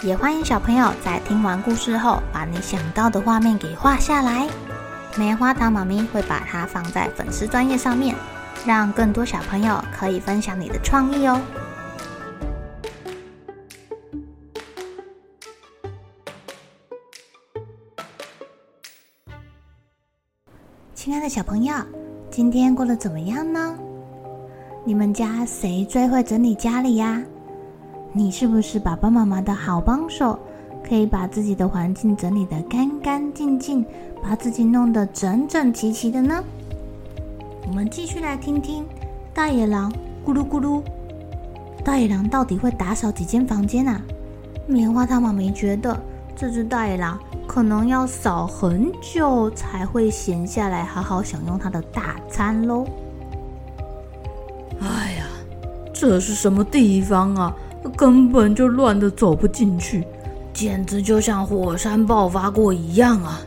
也歡迎小朋友在聽完故事後，把你想到的畫面給畫下來。棉花糖媽咪會把它放在粉絲專頁上面，讓更多小朋友可以分享你的創意哦。親愛的小朋友，今天過得怎麼樣呢？你們家誰最會整理家裡呀？你是不是爸爸媽媽的好幫手？可以把自己的環境整理得干干淨淨，把自己弄得整整齊齊的呢？我們繼續來聽聽大野狼咕嚕咕嚕。大野狼到底會打掃幾間房間啊？棉花糖媽咪覺得，這隻大野狼可能要掃很久才會閒下來，好好享用它的大餐嘍。哎呀，這是什麼地方啊？根本就亂的走不進去，簡直就像火山爆發過一樣啊！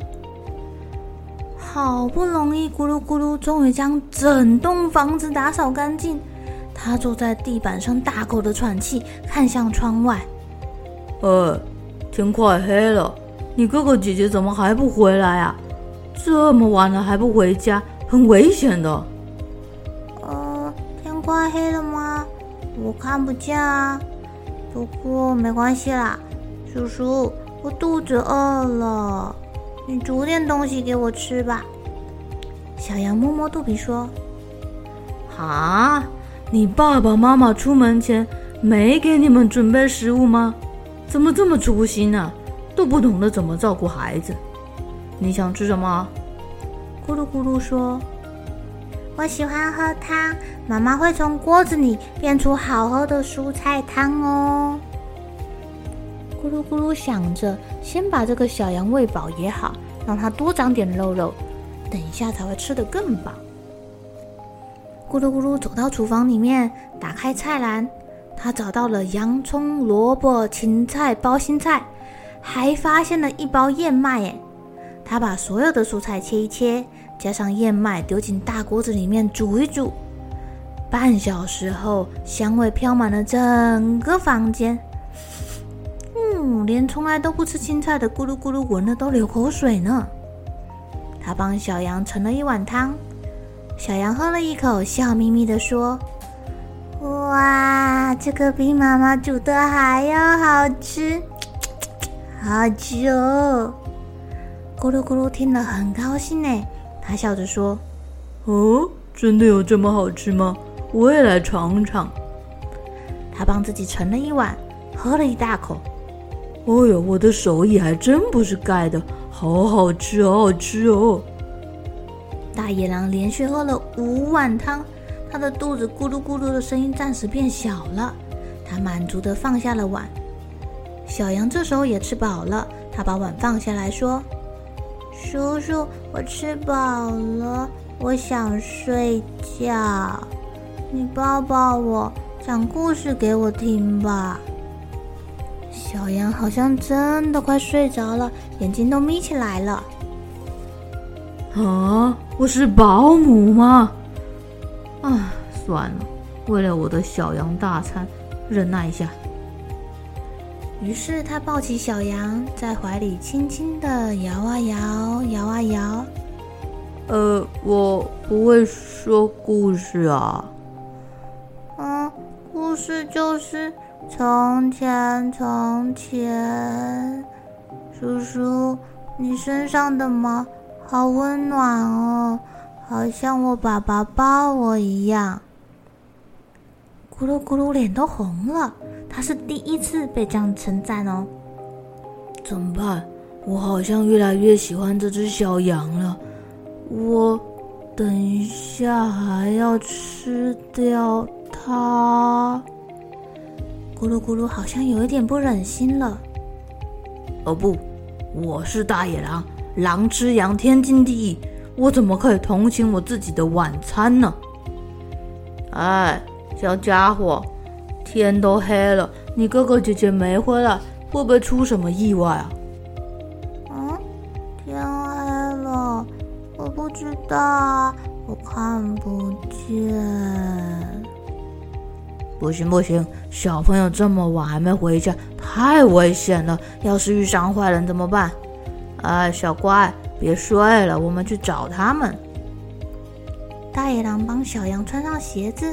好不容易咕嚕咕嚕，終於將整棟房子打掃乾淨。他坐在地板上大口的喘氣，看向窗外。呃，天快黑了，你哥哥姐姐怎麼還不回來啊？這麼晚了還不回家，很危險的。嗯、呃，天快黑了嗎？我看不見啊。不過沒關係啦，叔叔，我肚子餓了，你煮點東西給我吃吧。小羊摸摸肚皮說：“啊，你爸爸媽媽出門前沒給你們準備食物嗎？怎麼這麼粗心呢、啊？都不懂得怎麼照顧孩子。你想吃什麼？”咕嚕咕嚕說。我喜歡喝湯，媽媽會從鍋子裡變出好喝的蔬菜湯哦。咕嚕咕嚕想着，先把這個小羊餵飽也好，讓它多長點肉肉，等一下才會吃得更飽。咕嚕咕嚕走到廚房裡面，打開菜籃，他找到了洋蔥、蘿蔔、芹菜、包心菜，還發現了一包燕麥耶。他把所有的蔬菜切一切。加上燕麥，丟進大鍋子裡面煮一煮。半小時後，香味飄滿了整個房間。嗯，連從來都不吃青菜的咕嚕咕嚕聞了都流口水呢。他幫小羊盛了一碗湯，小羊喝了一口，笑眯眯的說：“哇，這個比媽媽煮的還要好吃，好吃哦！”咕嚕咕嚕聽了很高興呢。他笑着說：“哦，真的有這麼好吃嗎？我也來嘗嘗。”他幫自己盛了一碗，喝了一大口。“哦喲，我的手藝還真不是蓋的，好好吃，好好吃哦！”大野狼連續喝了五碗湯，他的肚子咕嚕咕嚕的聲音暫時變小了。他滿足的放下了碗。小羊這時候也吃飽了，他把碗放下來說。叔叔，我吃飽了，我想睡覺。你抱抱我，講故事給我聽吧！小羊好像真的快睡着了，眼睛都眯起來了。啊？我是保姆嗎？啊，算了，為了我的小羊大餐，忍耐一下。於是他抱起小羊，在懷裡輕輕地搖啊搖，搖啊搖。呃，我不會說故事啊。嗯，故事就是從前，從前。叔叔，你身上的毛好溫暖哦，好像我爸爸抱我一樣。咕嚕咕嚕，臉都紅了。他是第一次被這樣稱讚哦，怎麼辦？我好像越來越喜歡這隻小羊了。我等一下還要吃掉它，咕嚕咕嚕，好像有一點不忍心了。哦不，我是大野狼，狼吃羊天經地義，我怎麼可以同情我自己的晚餐呢？哎，小家伙。天都黑了，你哥哥姐姐沒回來，會不會出什麼意外啊？嗯，天黑了，我不知道啊，我看不見。不行不行，小朋友這麼晚還沒回家，太危險了。要是遇上壞人怎麼辦？哎，小乖，別睡了，我們去找他們。大野狼幫小羊穿上鞋子。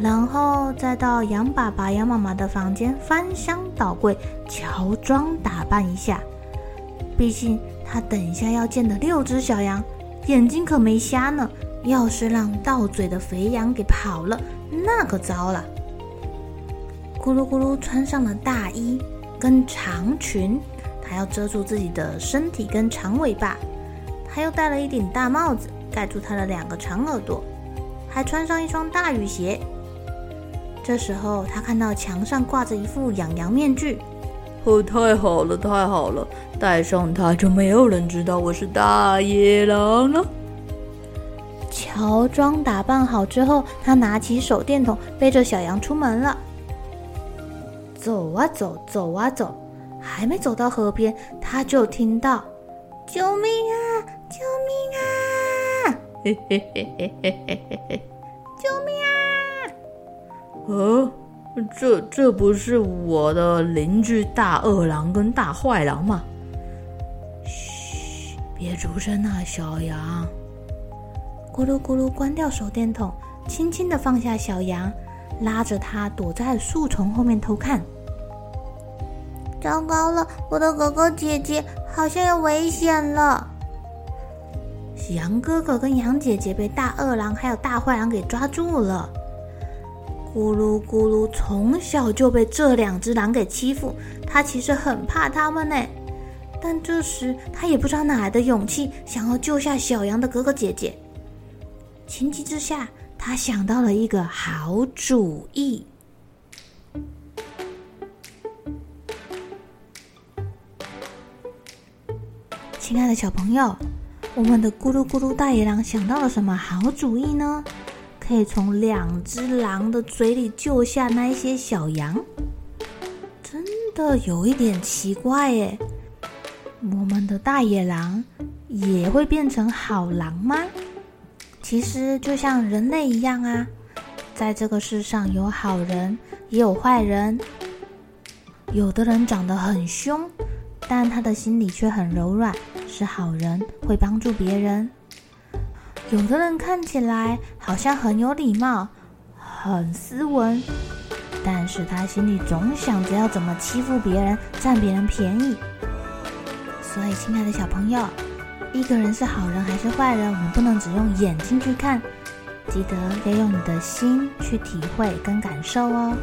然後再到羊爸爸、羊媽媽的房間翻箱倒櫃，喬裝打扮一下。畢竟他等一下要見的六隻小羊眼睛可沒瞎呢。要是讓到嘴的肥羊給跑了，那可糟了。咕嚕咕嚕穿上了大衣跟長裙，他要遮住自己的身體跟長尾巴。他又戴了一頂大帽子，蓋住他的兩個長耳朵，還穿上一雙大雨鞋。這時候，他看到牆上掛着一副養羊，羊面具，哦，太好了，太好了！戴上它，就沒有人知道我是大野狼了。喬裝打扮好之後，他拿起手電筒，背着小羊出門了。走啊走，走啊走，還沒走到河邊，他就聽到：“救命啊！救命啊！”嘿嘿嘿嘿嘿嘿嘿嘿。呃、啊，這這不是我的鄰居大惡狼跟大壞狼嗎？噓，別出聲啊，小羊！咕嚕咕嚕關掉手電筒，輕輕的放下小羊，拉着他躲在樹叢後面偷看。糟糕了，我的哥哥姐姐好像有危險了！羊哥哥跟羊姐姐被大惡狼還有大壞狼給抓住了。咕嚕咕嚕從小就被這兩隻狼給欺負，他其實很怕他們呢。但這時他也不知道哪來的勇氣，想要救下小羊的哥哥姐姐。情急之下，他想到了一個好主意。親愛的小朋友，我們的咕嚕咕嚕大野狼想到了什麼好主意呢？可以從兩隻狼的嘴裡救下那一些小羊，真的有一點奇怪耶。我們的大野狼也會變成好狼嗎？其實就像人類一樣啊，在這個世上有好人也有壞人。有的人長得很兇，但他的心裡卻很柔軟，是好人，會幫助別人。有的人看起來好像很有禮貌，很斯文，但是他心裡總想着要怎麼欺負別人，佔別人便宜。所以，親愛的小朋友，一個人是好人還是壞人，我們不能只用眼睛去看，記得要用你的心去體會跟感受哦。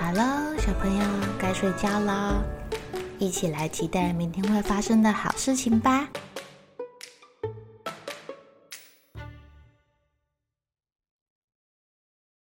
哈囉，小朋友，該睡覺啦，一起來期待明天會發生的好事情吧。